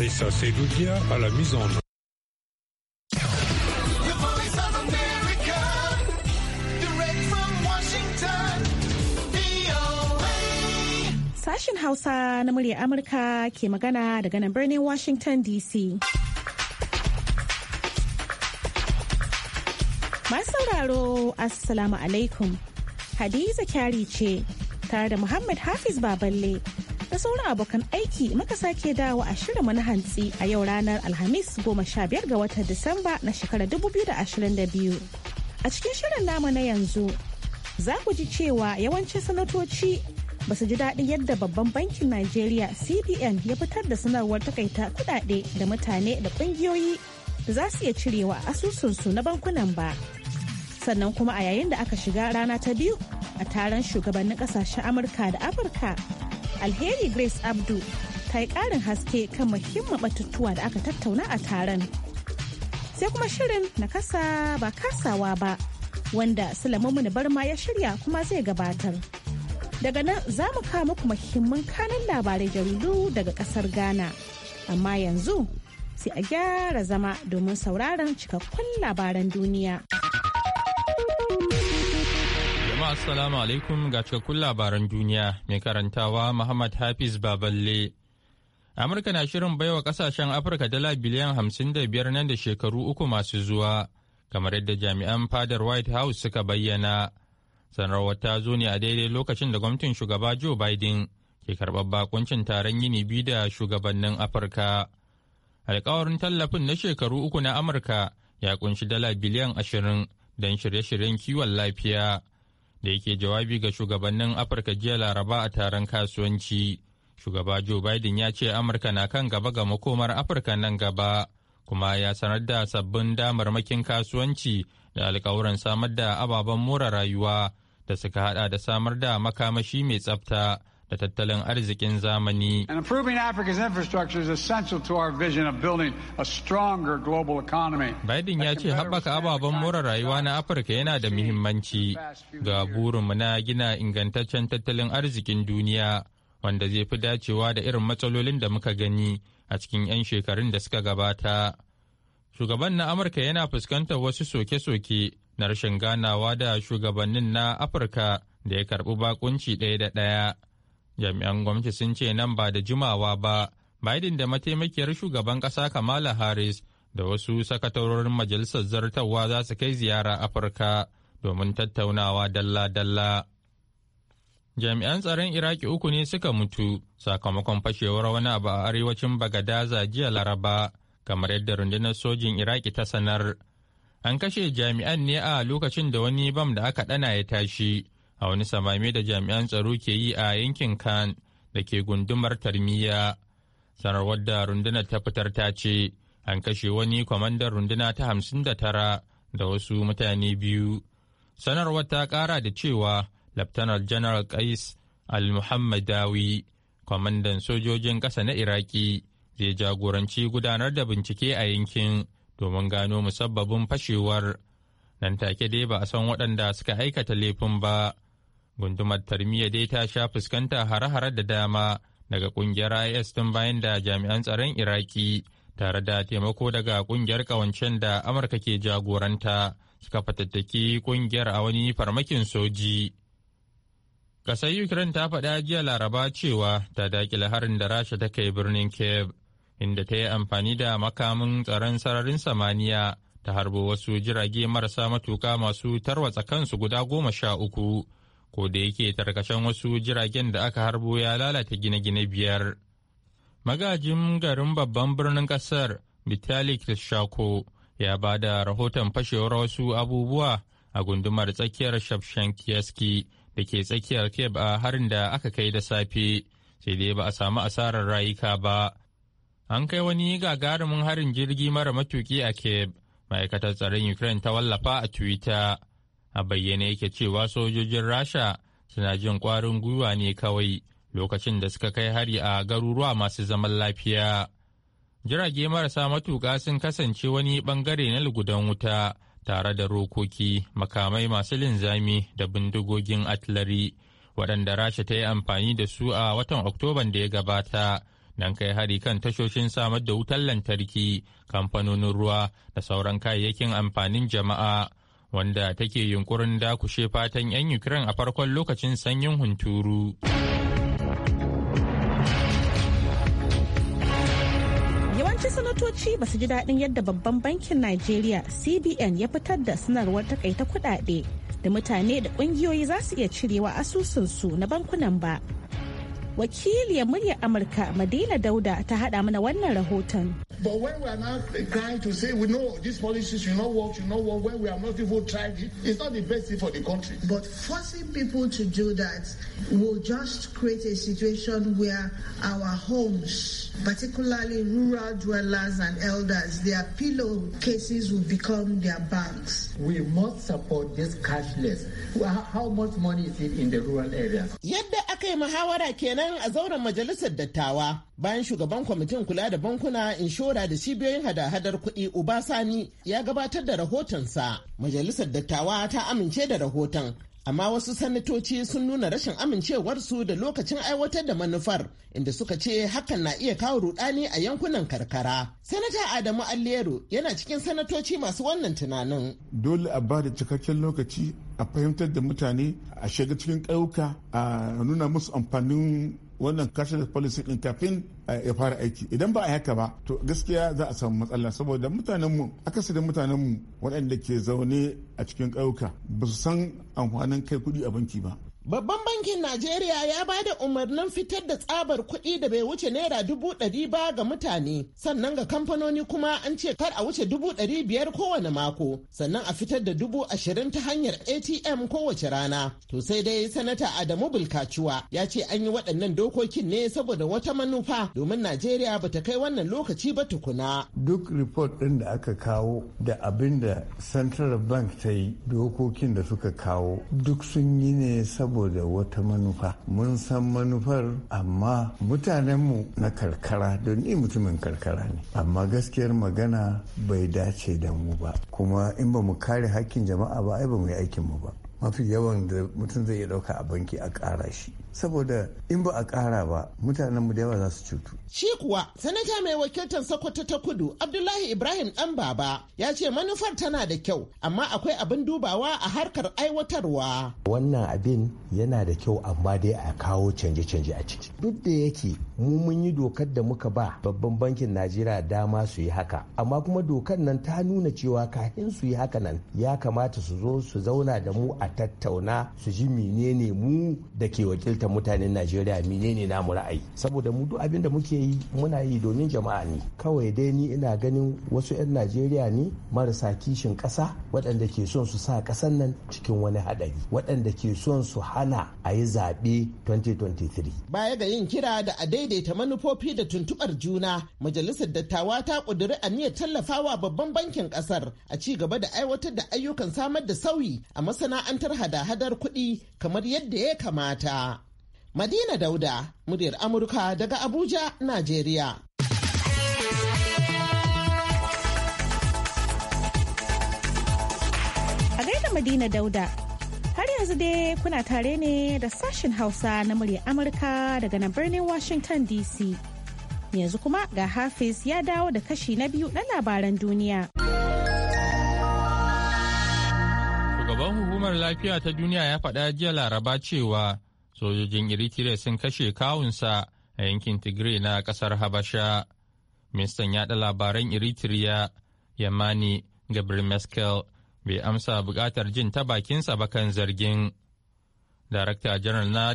Rissa Sedoudia à la mise en Sashen Hausa na murya Amurka ke magana daga nan birnin Washington DC. Masu sauraro Assalamu alaikum. Hadiza kyari ce tare da Muhammad Hafiz Baballe da sauran abokan aiki muka sake dawo a shirin na hantsi a yau ranar Alhamis 15 ga watan Disamba na shekarar 2022. A cikin shirin namu na yanzu, za ku ji cewa yawancin sanatoci ba su ji daɗin yadda babban bankin Najeriya CBN ya fitar da sanarwar takaita kudade da mutane da ƙungiyoyi da za su iya cirewa asusunsu na bankunan ba. Sannan kuma a yayin da aka shiga rana ta biyu a taron shugabannin ƙasashen Amurka da Afirka alheri grace abdu ta yi karin haske kan muhimman batutuwa da aka tattauna a taron sai kuma shirin na kasa ba kasawa ba wanda sulamumin barma ya shirya kuma zai gabatar daga nan za mu kawo muku muhimman kanan labarai jaridu daga kasar ghana amma yanzu sai a gyara zama domin sauraron cikakkun labaran duniya. Jama'a assalamu alaikum ga cikakkun labaran duniya mai karantawa Muhammad Hafiz Baballe. Amurka na shirin baiwa kasashen Afirka dala biliyan hamsin da biyar nan da shekaru uku masu zuwa, kamar yadda jami'an fadar White House suka bayyana. Sanarwar ta zo ne a daidai lokacin da gwamnatin shugaba Joe Biden ke karɓar bakuncin taron yini biyu da shugabannin Afirka. Alkawarin tallafin na shekaru uku na Amurka ya ƙunshi dala biliyan ashirin don shirye-shiryen kiwon lafiya. da yake jawabi ga shugabannin afirka jiya laraba a taron kasuwanci shugaba joe biden ya ce amurka na kan gaba ga makomar afirka nan gaba kuma ya sanar da sabbin damarmakin kasuwanci da alkawuran samar da ababen more rayuwa da suka hada da samar da makamashi mai tsafta da tattalin arzikin zamani. And improving Africa's infrastructure is essential to our vision of building a stronger global economy. Biden ya ce haɓaka ababen more rayuwa na Afirka yana da muhimmanci ga burinmu na gina ingantaccen tattalin arzikin duniya wanda zai fi dacewa da irin matsalolin da muka gani a cikin 'yan shekarun da suka gabata. Shugaban na Amurka yana fuskantar wasu soke-soke na rashin ganawa da shugabannin na Afirka da ya karɓi bakunci ɗaya da ɗaya. jami'an gwamnati sun ce nan ba da jimawa ba biden da mataimakiyar shugaban ƙasa kamala harris da wasu sakatarorin majalisar zartawa za su kai ziyara afirka domin tattaunawa dalla-dalla jami'an tsaron iraki uku ne suka mutu sakamakon fashewar wani abu a arewacin bagadaza jiya laraba kamar yadda rundunar sojin iraki ta sanar an kashe jami'an ne a lokacin da wani bam da aka ɗana ya tashi a wani samame da jami'an tsaro ke yi a yankin kan da ke gundumar tarmiya sanarwar da runduna ta fitar ta ce an kashe wani kwamandan runduna ta hamsin da tara da wasu mutane biyu sanarwar ta kara da cewa laftanar janar kais al-muhammadawi kwamandan sojojin ƙasa na iraki zai jagoranci gudanar da bincike a yankin domin gano musabbabin fashewar nan take dai ba a san waɗanda suka aikata laifin ba Gundumar Tarmiya dai ta sha fuskanta hare-hare da dama daga kungiyar IS tun bayan da jami'an tsaron Iraki tare da taimako daga kungiyar kawancen da Amurka ke jagoranta suka fatattaki kungiyar a wani farmakin soji. Kasar Ukraine ta faɗa jiya Laraba cewa ta dakile harin da Rasha ta kai birnin Kiev, inda ta yi amfani da makamin tsaron sararin samaniya ta harbo wasu jirage marasa matuka masu tarwatsa kansu guda goma sha uku. ko da yake tarkashen wasu jiragen da aka harbo ya lalata gine-gine biyar. Magajin garin babban birnin kasar Vitalik Shako ya ba da rahoton fashewar wasu abubuwa a gundumar tsakiyar Shafshankiyaski da ke tsakiyar Keb a harin da aka kai da safe, sai dai ba a samu asarar rayuka ba. An kai wani gagarumin harin jirgi mara matuki a Keb, ma'aikatar tsaron Ukraine ta wallafa a Twitter. a bayyane yake cewa sojojin rasha suna jin ƙwarin gwiwa ne kawai lokacin da suka kai hari a garuruwa masu zaman lafiya jirage marasa matuƙa sun kasance wani bangare na lugudan wuta tare da rokoki makamai masu linzami da bindigogin atlari waɗanda rasha ta yi amfani da su a watan oktoban da ya gabata don kai hari kan tashoshin samar da wutar lantarki kamfanonin ruwa da sauran kayayyakin amfanin jama'a wanda take yunkurin dakushe fatan 'yan Ukraine a farkon lokacin sanyin hunturu. Yawancin sanatoci ba su ji daɗin yadda babban bankin Najeriya CBN ya fitar da sanarwar takaita kuɗaɗe da mutane da ƙungiyoyi za su iya cirewa asusunsu na bankunan ba. Wakiliyar muryar Amurka Madina Dauda ta haɗa mana wannan rahoton. But when we are now trying to say, we know these policies should not work, should not work, when we are not even tried it, it's not the best thing for the country. But forcing people to do that will just create a situation where our homes, particularly rural dwellers and elders, their pillow cases will become their banks. We must support this cashless. How much money is it in the rural areas? Yadda aka yi muhawara kenan a majalisar dattawa bayan shugaban kwamitin kula da bankuna inshora shawara da cibiyoyin hada-hadar kuɗi uba sani ya gabatar da rahotonsa majalisar dattawa ta amince da rahoton amma wasu sanatoci sun nuna rashin amincewarsu da lokacin aiwatar da manufar inda suka ce hakan na iya kawo rudani a yankunan karkara sanata adamu allero yana cikin sanatoci masu wannan tunanin dole a ba da cikakken lokaci a fahimtar da mutane a shiga cikin ƙauka a nuna musu amfanin wannan cashless policy din kafin ya fara aiki idan ba a haka ba to gaskiya za a samu matsala saboda mutanenmu akasarin mu waɗanda ke zaune a cikin ƙauyuka ba su san amfanin kai kuɗi a banki ba Babban bankin Najeriya ya ba da umarnin fitar da tsabar kuɗi da bai wuce naira dubu ɗari ba ga mutane, sannan ga kamfanoni kuma an ce kar a wuce dubu ɗari biyar kowane mako, sannan a fitar da dubu ashirin ta hanyar ATM kowace rana. To sai dai sanata Adamu Bulkaciwa ya ce an yi waɗannan dokokin ne saboda wata manufa domin Najeriya ba ta kai wannan lokaci ba tukuna. Duk report ɗin da aka kawo da abin da Central Bank ta yi dokokin da suka kawo duk sun yi ne saboda saboda wata manufa mun san manufar amma mutanenmu na karkara don ni mutumin karkara ne amma gaskiyar magana bai dace da mu ba kuma in ba mu kare hakkin jama'a ba ai ba mu yi aikinmu ba mafi yawan da mutum zai iya ɗauka a banki a ƙara shi saboda in ba a kara ba mutanenmu da yawa za su cutu. Shi kuwa sanata mai wakiltar Sokoto ta kudu Abdullahi Ibrahim ɗan baba ya ce manufar tana da kyau amma akwai abin dubawa a harkar aiwatarwa. Wannan abin yana da kyau amma dai a kawo canje-canje a ciki. Duk da yake mu mun yi dokar da muka ba babban bankin Najeriya dama su yi haka amma kuma dokar nan ta nuna cewa kafin su yi haka nan ya kamata su zo su zauna da mu a tattauna su ji menene mu da ke wakiltar. fahimtar mutanen najeriya menene namu ra'ayi saboda mu duk abin da muke yi muna yi domin jama'a ne kawai dai ni ina ganin wasu 'yan najeriya ne marasa kishin ƙasa waɗanda ke son su sa ƙasar nan cikin wani haɗari waɗanda ke son su hana a yi zaɓe 2023 baya ga yin kira da a daidaita manufofi da tuntuɓar juna majalisar dattawa ta ƙudiri aniyar tallafawa babban bankin ƙasar a ci gaba da aiwatar da ayyukan samar da sauyi a masana'antar hada-hadar kuɗi kamar yadda ya kamata. Madina Dauda, muryar Amurka daga Abuja, Najeriya. A gaida Madina Dauda, har yanzu dai kuna tare ne da sashen Hausa na muryar Amurka daga nan birnin Washington DC. Yanzu kuma ga Hafiz ya dawo da kashi na biyu na labaran duniya. Shugaban hukumar lafiya ta duniya ya faɗa jiya laraba cewa sojojin eritrea sun kashe kawunsa a yankin tigray na kasar habasha ministan yaɗa labaran eritrea yamani gabriel meskel bai amsa buƙatar jin ta bakinsa ba kan zargin darakta janar na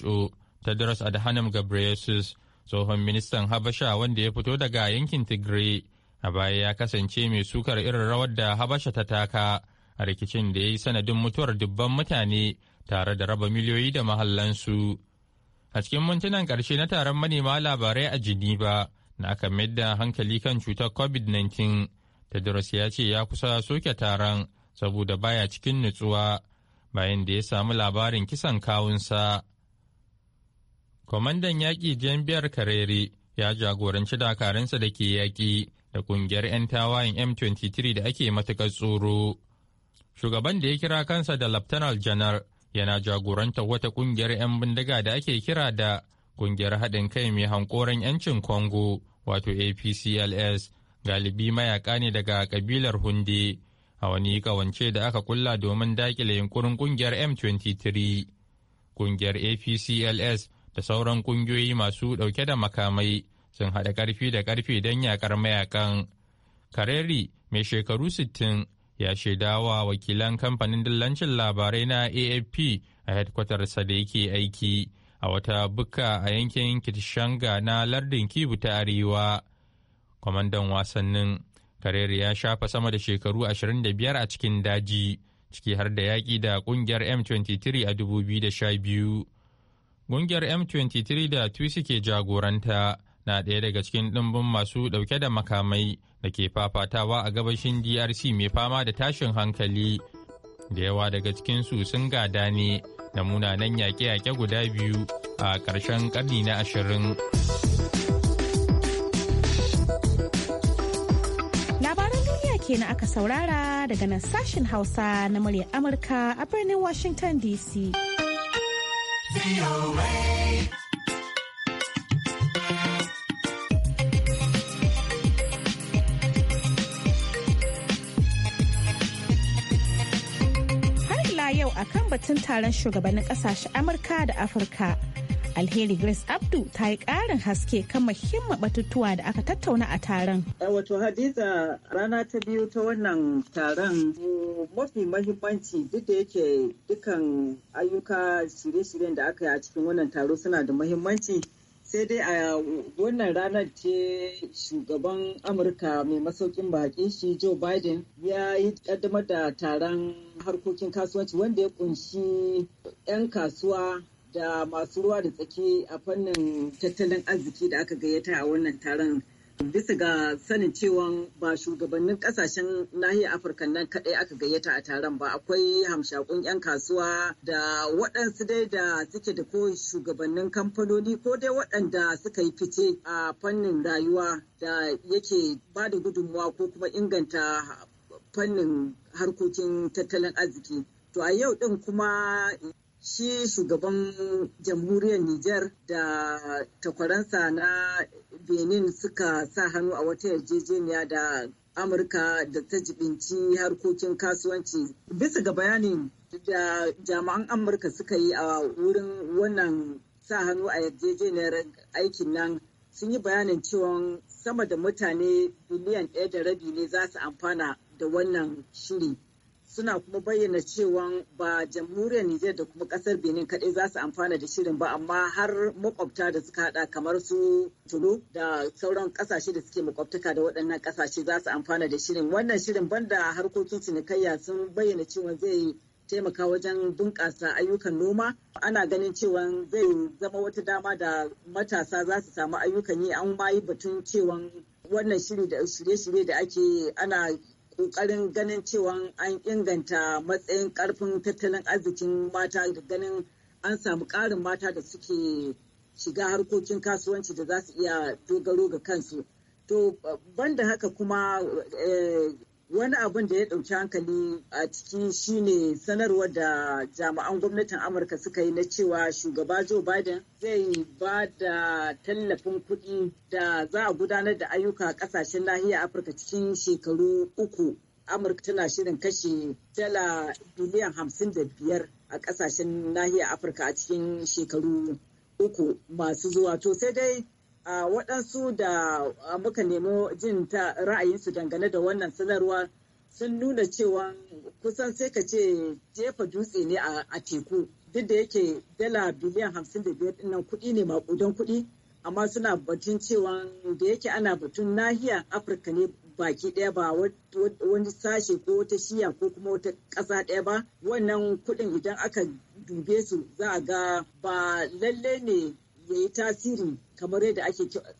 who tedros adhanom ghebreyesus tsohon ministan habasha wanda ya fito daga yankin tigray a baya ya kasance mai sukar irin rawar da habasha ta taka a rikicin da ya yi sanadin mutuwar dubban mutane tare da raba miliyoyi da mahallansu. A cikin mintunan ƙarshe na taron manema labarai a Geneva na aka da hankali kan cutar COVID-19, Tedros ya ce ya kusa soke taron saboda baya cikin nutsuwa bayan da ya samu labarin kisan kawunsa. Kwamandan yaƙi biyar kareri ya jagoranci dakaransa da ke yaƙi da ƙungiyar 'yan tawayen M23 da ake matuƙar tsoro. Shugaban da ya kira kansa da Lieutenant Janar yana jagorantar wata kungiyar 'yan bindiga da ake kira da kungiyar haɗin kai mai hankoran 'yancin congo wato apcls galibi mayaka ne daga kabilar hunde a wani kawance da aka kulla domin dakile yunkurin kungiyar m23 kungiyar apcls da sauran kungiyoyi masu ɗauke da makamai sun haɗa ƙarfi da ƙarfe don yakar mayakan kareri mai shekaru sittin. ya shaida wa wakilan kamfanin dillancin labarai na afp a sa da yake aiki a wata buka a yankin kitishanga na lardin kibu ta arewa kwamandan wasannin karere ya shafa sama da shekaru 25 a cikin daji ciki har da yaƙi da ƙungiyar m23 a 2012 ƙungiyar m23 da tusi ke jagoranta na ɗaya daga cikin ɗimbin masu ɗauke da makamai da ke fafatawa a gabashin DRC mai fama da tashin hankali. Da yawa daga cikin su sun gada ne da munanan yaƙe-yaƙe guda biyu a ƙarshen ƙarni na ashirin. Labaran duniya na aka saurara daga nan sashen Hausa na muryar Amurka a birnin Washington DC. yau akan batun taron shugabannin kasashe Amurka da Afirka. Alheri Grace Abdu ta yi ƙarin haske kan muhimman batutuwa da aka tattauna a taron. Eh, wato Hadiza rana ta biyu ta wannan taron mafi mahimmanci duk da yake dukan ayyuka shirye-shiryen da aka yi a cikin wannan taro suna da mahimmanci. sai dai a wannan ranar ce shugaban amurka mai masaukin bakin shi joe biden ya yi kaddamar da taron harkokin kasuwanci wanda ya kunshi 'yan kasuwa da masu ruwa da tsaki a fannin tattalin arziki da aka gayyata a wannan taron Bisa ga sanin cewa ba shugabannin kasashen nahiyar Afirka nan kaɗai aka gayyata a taron ba akwai hamshakun 'yan kasuwa da waɗansu dai da suke da ko shugabannin kamfanoni ko dai waɗanda suka yi fice a fannin rayuwa da yake ba da gudunmuwa ko kuma inganta fannin harkokin tattalin arziki. To a yau ɗin kuma shi shugaban jamhuriyar Nijar da takwaransa na Benin suka sa hannu a wata yarjejeniya da Amurka da ta jibinci harkokin kasuwanci. Bisa ga bayanin da jami'an Amurka suka yi a wurin wannan sa hannu a yarjejeniyar aikin nan sun yi bayanin cewa sama da mutane biliyan ɗaya da rabi ne za su amfana da wannan shiri. suna kuma bayyana cewa ba jamhuriyar Nijar da kuma kasar Benin kaɗai za su amfana da shirin ba amma har makwabta da suka haɗa kamar su Tulu da sauran kasashe da suke makwabtaka da waɗannan kasashe za su amfana da shirin wannan shirin banda harkokin cinikayya sun bayyana cewa zai taimaka wajen bunƙasa ayyukan noma ana ganin cewa zai zama wata dama da matasa za su samu ayyukan yi an ma batun cewa wannan shiri da shirye-shirye da ake ana ƙoƙarin ganin cewa an inganta matsayin ƙarfin tattalin arzikin mata da ganin an samu ƙarin mata da suke shiga harkokin kasuwanci da za su iya dogaro ga kansu. To banda haka kuma eh, wani abin da ya ɗauki hankali a ciki shine sanarwar da jami'an gwamnatin amurka suka yi na cewa shugaba joe biden zai ba da tallafin kuɗi da za a gudanar da ayyuka a ƙasashen nahiyar afirka cikin shekaru uku amurka tana shirin kashe dala biliyan hamsin da biyar a ƙasashen nahiyar afirka a cikin shekaru uku masu zuwa to sai dai a waɗansu da muka nemo jin ta ra'ayinsu dangane da wannan sanarwa sun nuna cewa kusan sai ka ce jefa dutse ne a teku duk da yake dala biliyan hamsin da biyar nan kuɗi ne maƙudan kuɗi amma suna batun cewa da yake ana batun nahiyar afirka ne baki ɗaya ba wani sashe ko wata shiya ko kuma wata ƙasa ɗaya ba wannan kuɗin idan aka dube su za a ga ba lalle ne ya tasiri kamar yadda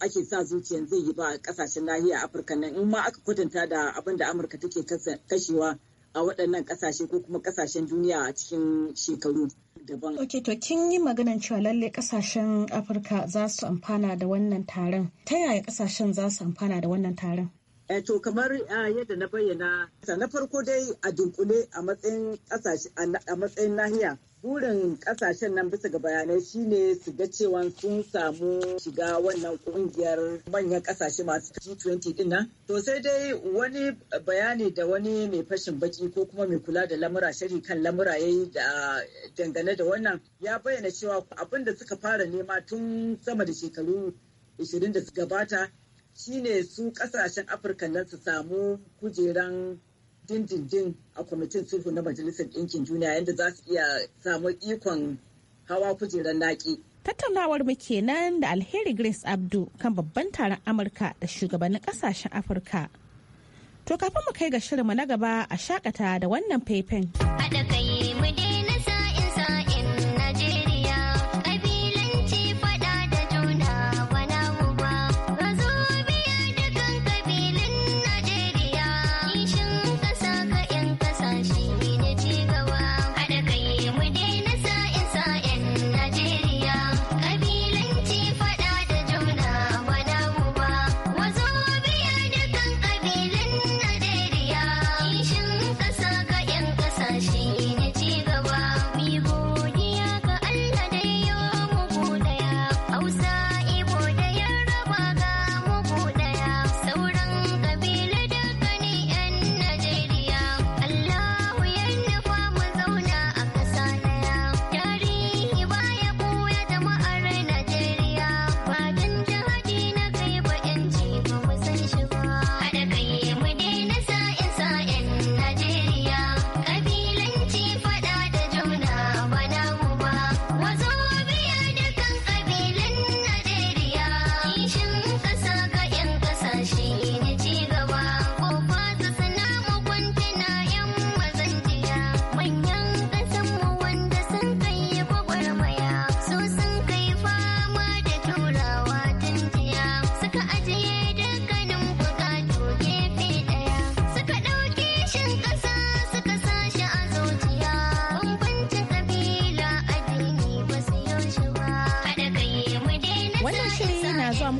ake sa zuciyan zai yi ba a kasashen nahiya afirka nan in ma aka kwatanta da abin da amurka take kashewa a waɗannan kasashe ko kuma kasashen duniya a cikin shekaru daban. ok to kin yi maganan cewa lalle kasashen afirka za su amfana da wannan taron ta yaya kasashen za su amfana da wannan taron eh, to kamar ah, yadda na bayyana na farko dai a dunkule a matsayin nahiya burin kasashen nan bisa ga bayanai shine su ga cewa sun samu shiga wannan kungiyar manyan kasashe masu G20 din nan. To sai dai wani bayani da wani mai fashin baki ko kuma mai kula da lamura shari kan lamura yayi da dangane da wannan ya bayyana cewa abin da suka fara nema tun sama da shekaru 20 da su gabata shine su kasashen Afirka nan su samu kujeran dindindin a kwamitin sulhu na majalisar ɗinkin duniya yadda za su iya samu ikon hawa kujerar naƙi. Tattaunawar mu kenan da Alheri Grace Abdu kan babban taron Amurka da shugabannin ƙasashen Afirka. To kafin mu kai ga mu na gaba a shakata da wannan faifin. Haɗa kai mu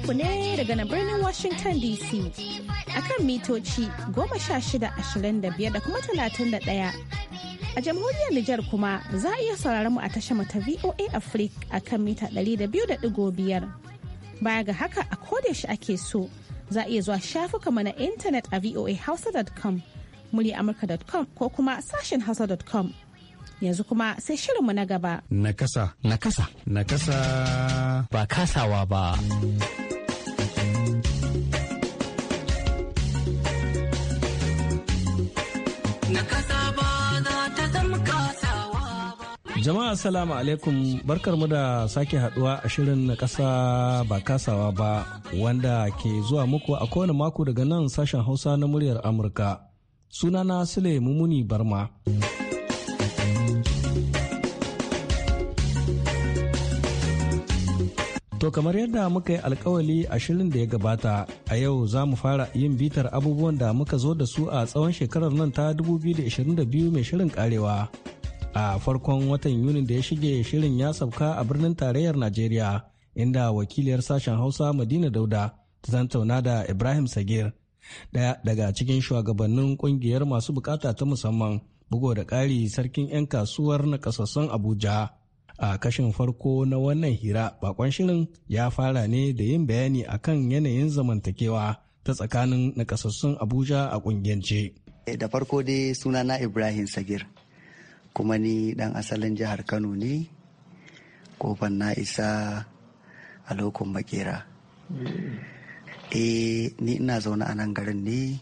muku ne daga nan birnin Washington DC akan mitoci 1625 da kuma 31. A jamhuriyar Nijar kuma za a iya sauraron mu a tashar ta VOA Africa akan mita 200.5. Baya ga haka a kodayaushe ake so za a iya zuwa shafuka na intanet a voahausa.com, murya amurka.com ko kuma sashen hausa.com yanzu kuma sai shirinmu na gaba. Nakasa. Nakasa. Nakasa. Ba kasawa ba. Jama'a salamu alaikum barkarmu da sake haduwa a shirin na kasa ba kasawa ba wanda ke zuwa muku a kowane mako daga nan sashen hausa na muryar Amurka. Sunana Sule Mumuni Barma. To kamar yadda muka yi alkawali a shirin da ya gabata, a yau za mu fara yin bitar abubuwan da muka zo da su a tsawon shekarar nan ta 2022 mai shirin karewa. A farkon watan Yuni da ya shige shirin ya sauka a birnin tarayyar Najeriya, inda wakiliyar sashen Hausa Madina Dauda ta tantauna da Ibrahim Sagir, daya daga cikin shugabannin kungiyar masu bukata ta musamman, bugo da ƙari sarkin 'yan kasuwar na Abuja. a kashin farko na wannan hira bakon shirin ya fara ne da yin bayani a kan yanayin zamantakewa ta tsakanin nakasassun abuja a kungiyance eh, da farko dai suna na ibrahim sagir kuma ni dan asalin jihar kano ne kofan na isa a lokun makera e ni ina zaune a nan garin ne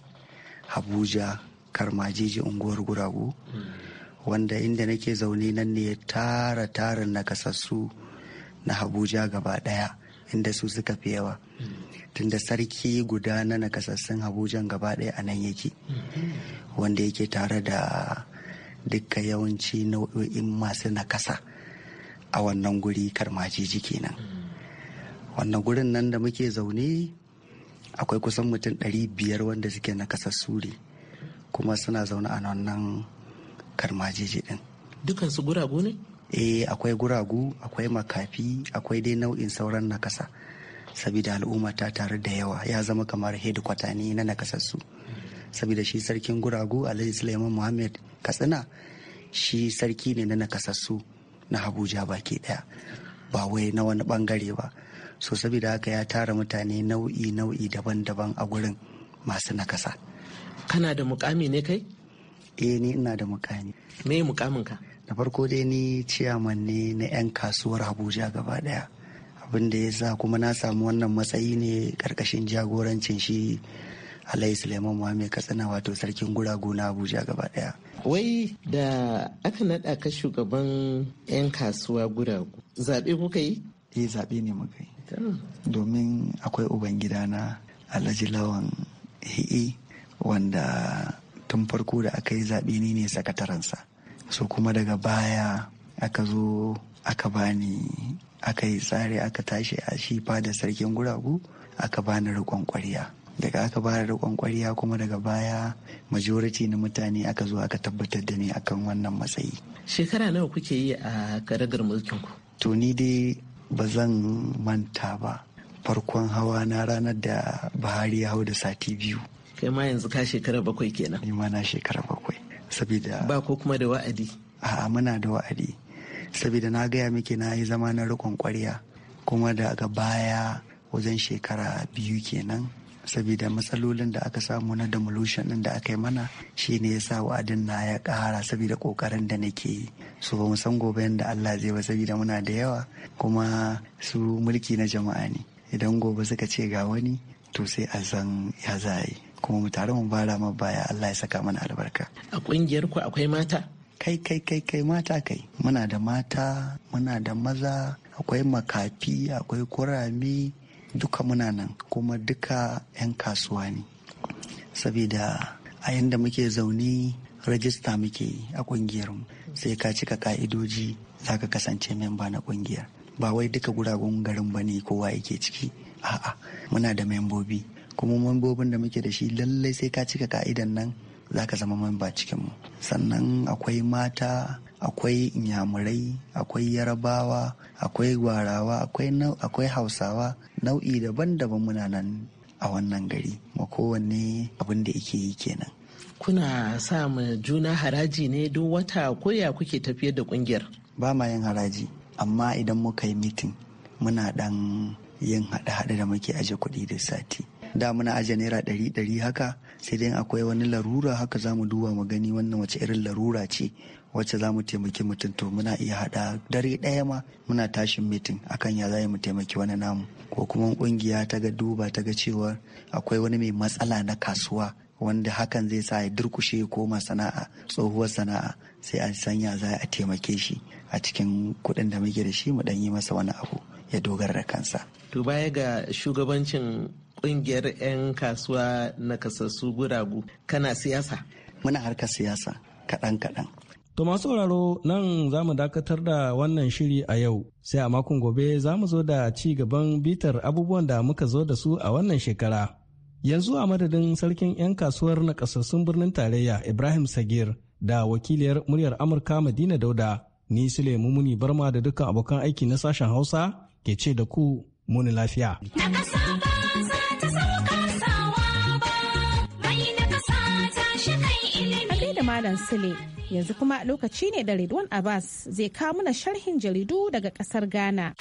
abuja karmajiji unguwar guragu mm. wanda inda nake zaune nan ne tara tarin nakasassu na habuja gaba daya inda su suka fi yawa tunda sarki guda na nakasassun Habuja gaba daya a nan yake wanda yake tare da duka yawanci nau'o'in masu nakasa a wannan guri karmajiji kenan wannan gurin nan da muke zaune akwai kusan mutum 500 wanda suke nakasassu ne kuma suna zaune a wannan majeje din dukansu guragu ne eh akwai guragu akwai makafi akwai dai nau'in sauran nakasa sabida al'umma ta tare da yawa ya zama kamar hedikwata ne na nakasassu sabida shi sarkin guragu alhaji suleiman muhammad katsina shi sarki ne na nakasassu na habuja baki daya ba wai na wani bangare ba so sabida haka ya tara mutane nau'i nau'i daban-daban a gurin masu nakasa kana da mukami ne kai eh ni ina da mukami me mukamin ka da farko dai ni ciyaman ne na 'yan kasuwar abuja gaba daya abin da ya sa kuma na samu wannan matsayi ne karkashin jagorancin shi alayhi suleiman muhammed katsina wato sarkin guragu na abuja gaba daya wai da aka naɗa ka shugaban 'yan kasuwa guragu zaɓe kuka yi eh zaɓe ne muka yi domin akwai ubangida na alhaji lawan hi'i wanda tun farko da aka yi zaɓe ni ne sakatarensa so kuma daga baya aka zo aka bani aka yi tsari aka tashi a shifa da sarkin guragu aka bani riƙon ƙwarya daga aka bani riƙon ƙwarya kuma daga baya majority na mutane aka zo aka tabbatar da ni akan wannan matsayi shekara nawa kuke yi a karagar mulkin to ni dai ba zan manta ba farkon hawa na ranar da buhari ya hau da sati biyu kai ma yanzu ka shekara bakwai kenan ni ma na shekara bakwai saboda ba ko kuma da wa'adi a'a muna da wa'adi sabida na gaya miki na yi zama na rikon kwarya kuma daga baya wajen shekara biyu kenan saboda matsalolin da aka samu na demolition din da aka yi mana shi ne ya sa wa'adin na ya kara. sabida ƙoƙarin da nake yi su ba san gobe yadda Allah zai ba sabida muna da yawa kuma su mulki na jama'a ne idan gobe suka ce ga wani to sai a san ya za yi kuma mu tare mu bara ma baya Allah ya saka mana albarka a kungiyar ku akwai mata kai kai kai kai mata kai muna da mata muna da maza akwai makafi akwai kurami duka muna nan kuma duka 'yan kasuwa ne saboda a yadda muke zaune rajista muke yi a kungiyar sai ka cika ka'idoji za ka kasance memba na kungiyar ba wai duka guragun garin ba ne kowa yake ciki a'a muna da membobi kuma mambobin da muke da shi lallai sai ka cika ka'idan nan za ka zama mamba cikinmu sannan akwai mata akwai nyamurai, akwai yarabawa akwai gwarawa akwai hausawa nau'i daban-daban muna nan a wannan gari ma kowanne abin da yake yi kenan kuna sa ma juna haraji ne duk wata koya kuke tafiyar da kungiyar ba ma yin haraji amma idan muka yi mitin muna dan yin haɗe-haɗe da muke aje kuɗi da sati da muna ajiye naira ɗari ɗari haka sai dai akwai wani larura haka za mu duba mu gani wannan wace irin larura ce wacce za mu taimaki mutum to muna iya haɗa dare ɗaya ma muna tashin mitin akan ya za mu taimaki wani namu ko kuma ƙungiya ta ga duba ta ga cewa akwai wani mai matsala na kasuwa wanda hakan zai sa ya durkushe ya koma sana'a tsohuwar sana'a sai a sanya za a taimake shi a cikin kuɗin da muke da shi mu ɗan yi masa wani abu ya dogara da kansa. To baya ga shugabancin kungiyar 'yan kasuwa na kasassu guragu kana siyasa muna harkar siyasa kaɗan-kaɗan To masu sauraro nan za mu dakatar da wannan shiri a yau sai a makon gobe za mu zo da ci gaban bitar abubuwan da muka zo da su a wannan shekara. Yanzu a madadin sarkin 'yan kasuwar na kasassun birnin tarayya Ibrahim Sagir da wakiliyar muryar Amurka Madina Dauda ni Sule Mumuni Barma da dukkan abokan aiki na sashen Hausa ke ce da ku muni lafiya. Malam Sule yanzu kuma lokaci ne da Ridwan Abbas zai kawo mana sharhin jaridu daga ƙasar Ghana.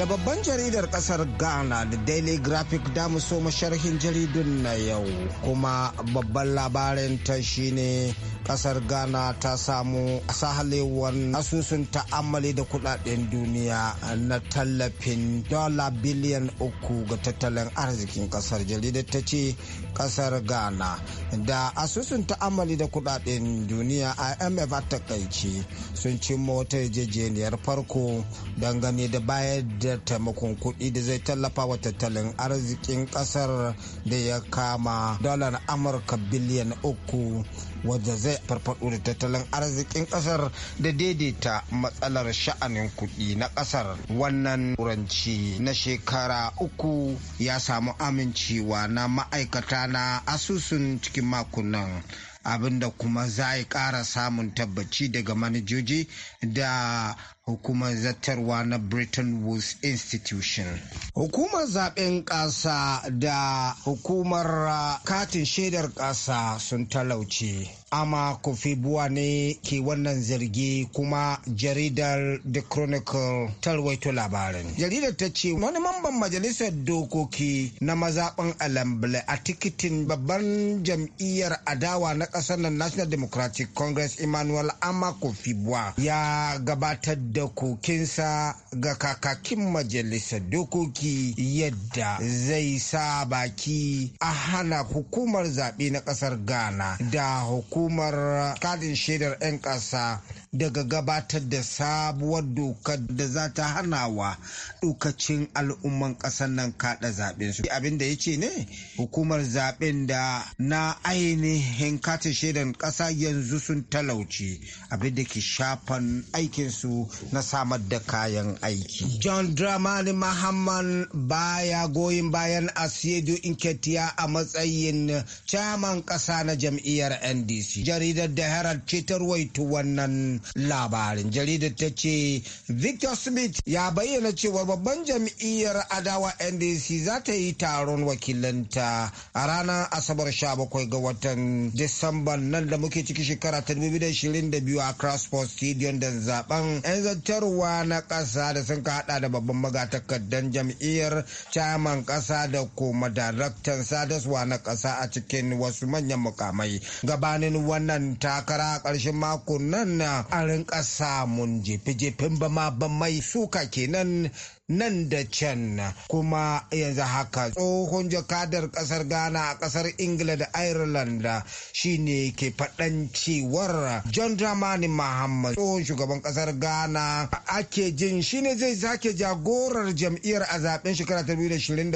Da babban jaridar kasar Ghana da Daily Graphic damu so sharhin jaridun na yau kuma babban labarin ta shine kasar Ghana ta samu sahalewar asusun ta'amali da kudaden duniya na tallafin dola biliyan uku ga tattalin arzikin kasar jaridar ta ce kasar Ghana da asusun ta'amali da kudaden duniya IMF a takaici sun cimma wata jejeniyar farko dangane da bayar da da taimakon kuɗi da zai tallafa wa tattalin arzikin ƙasar da ya kama dalar amurka biliyan uku wadda zai farfado da tattalin arzikin ƙasar da daidaita matsalar sha'anin kuɗi na ƙasar. wannan turanci na shekara uku ya samu amincewa na ma'aikata na asusun cikin makonnan abinda kuma za a ƙara samun tabbaci daga manajoji da hukumar zartarwa na Britain Woods Institution. Hukumar zaben ƙasa da hukumar ah, katin shaidar ƙasa sun talauce. ama buwa ne ke wannan zargi kuma jaridar the chronicle tarwaito labarin jaridar ta ce wani mamban majalisar dokoki na mazaɓin alambla a tikitin babban jam'iyyar adawa na ƙasar nan national democratic congress emmanuel ama buwa ya gabatar da kokinsa ga kakakin majalisar dokoki yadda zai sa baki a hana hukumar zaɓe na ƙasar ghana da hukumar hukumar eh, kadin shaidar 'yan ƙasa daga gabatar da sabuwar dokar da za ta wa dokacin al'umman ƙasar nan kaɗa zaɓen su abin da ya ce ne hukumar zaɓen da na ainihin katin shaidan ƙasa yanzu sun talauci abin da ke shafan aikinsu na samar da kayan aiki john dramani mahamman baya goyin bayan asiedu inketiya a matsayin caman ƙasa na jam'iyyar ndc jaridar da herald ce ta wannan Labarin jaridar ta ce Victor Smith ya bayyana cewa babban jam'iyyar adawa NDC za ta yi taron wakilanta a ranar Asabar 17 ga watan Disamba nan da muke ciki shekara ta 2022 a Crossport Stadium da zaben 'yan zartarwa na ƙasa da sun ka hada da babban magatakardan jam'iyyar chairman kasa da kuma daraktan sadarwa na kasa a cikin wasu manyan mukamai gabanin wannan takara a ƙarshen mako nan a rinka samun jefe-jefen bama mai suka kenan nan da can kuma yanzu haka tsohon jakadar kasar ghana a kasar ingila da ireland shine ke faɗan cewar john dramani muhammad tsohon shugaban kasar ghana ake jin shine zai sake jagorar jam'iyyar a zaben shekara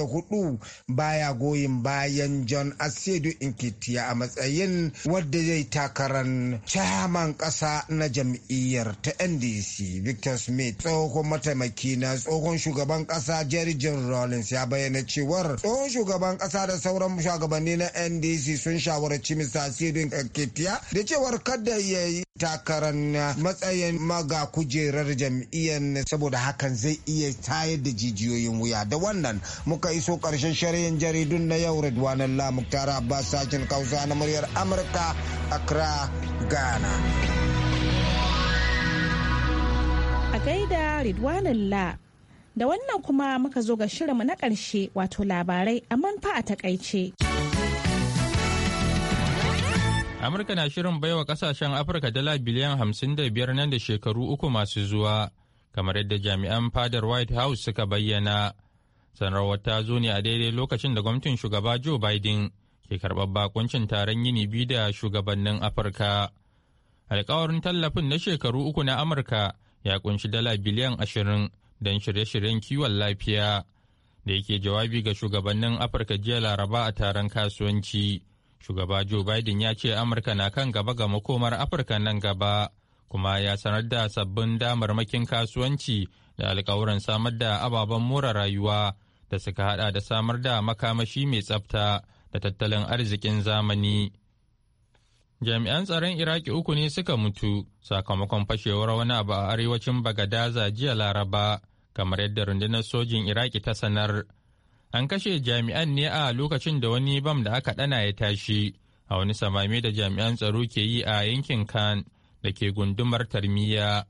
hudu baya goyin bayan john asedu inkitiya a matsayin wadda zai takaran chairman kasa na jam'iyyar ta ndc victor smith tsohon mataimaki na tsohon shugaban kasa jerijin rawlins ya bayyana cewar tsohon shugaban kasa da sauran shugabanni na ndc sun shawarci mr sirin ketiya da cewar kada ya yi takarar matsayin maga kujerar jam'iyyar saboda hakan zai iya tayar da jijiyoyin wuya da wannan muka iso karshen shari'in jaridun na yau redwanan lamuk tara abbas sakin kausa na muryar amurka accra ghana a gaida Ridwanan La Da wannan kuma muka zo ga shirinmu na ƙarshe wato labarai a manfa a takaice. Amurka na shirin baiwa kasashen Afirka dala biliyan hamsin da biyar nan da shekaru uku masu zuwa, kamar yadda jami'an fadar White House suka bayyana. Sanarwar ta zo ne a daidai lokacin da gwamnatin shugaba Joe Biden ke karɓar bakuncin taron yini biyu da shugabannin Afirka. Alkawarin tallafin na shekaru uku na Amurka ya kunshi dala biliyan ashirin don shirye-shiryen kiwon lafiya da yake jawabi ga shugabannin afirka jiya laraba a taron kasuwanci shugaba joe biden ya ce amurka na kan gaba ga makomar afirka nan gaba kuma ya sanar da sabbin damarmakin kasuwanci da alkawuran samar da ababen more rayuwa da suka hada da samar da makamashi mai tsafta da tattalin arzikin zamani. jami'an tsaron iraki uku ne suka mutu sakamakon fashewar wani abu a arewacin bagadaza jiya laraba kamar yadda rundunar sojin iraki ta sanar an kashe jami'an ne a lokacin da wani bam da aka ɗana ya tashi a wani samame da jami'an tsaro ke yi a yankin kan da ke gundumar tarmiya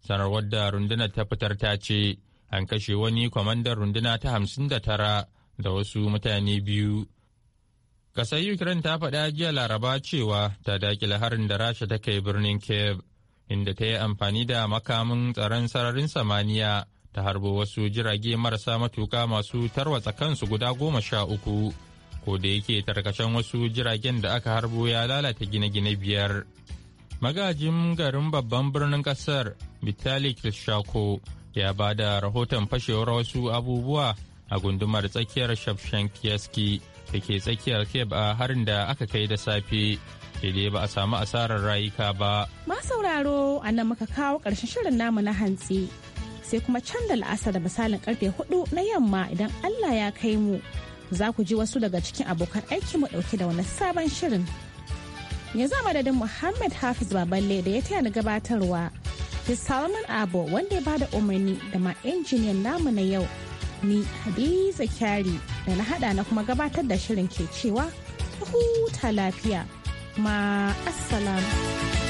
sanarwar da rundunar ta fitar ta ce an kashe wani kwamandan runduna ta hamsin da tara da wasu mutane biyu Kasar Ukraine ta faɗa jiya Laraba cewa ta daƙile harin da Rasha ta kai birnin Kiev, inda ta yi amfani da makamin tsaron sararin samaniya ta harbo wasu jirage marasa matuka masu tarwatsa kansu guda goma sha uku, ko da yake tarkashen wasu jiragen da aka harbo ya lalata gine-gine biyar. Magajin garin babban birnin kasar Vitali shako ya ba da rahoton fashewar wasu abubuwa a gundumar tsakiyar Shevchenkovsky da ke tsakiyar Kiev a harin da aka kai da safe. dai ba a samu asarar rayuka ba. Ma sauraro a nan muka kawo ƙarshen shirin namu na hantsi. Sai kuma can da la'asar da misalin karfe hudu na yamma idan Allah ya kai mu. Za ku ji wasu daga cikin abokan aiki mu ɗauke da wani sabon shirin. Ya za madadin Muhammad Hafiz Baballe da ya taya ni gabatarwa. Salman Abo wanda ya bada umarni da ma injiniyan namu na yau. ni Hadiza Kyari da na hada na kuma gabatar da shirin ke cewa huta lafiya ma assalamu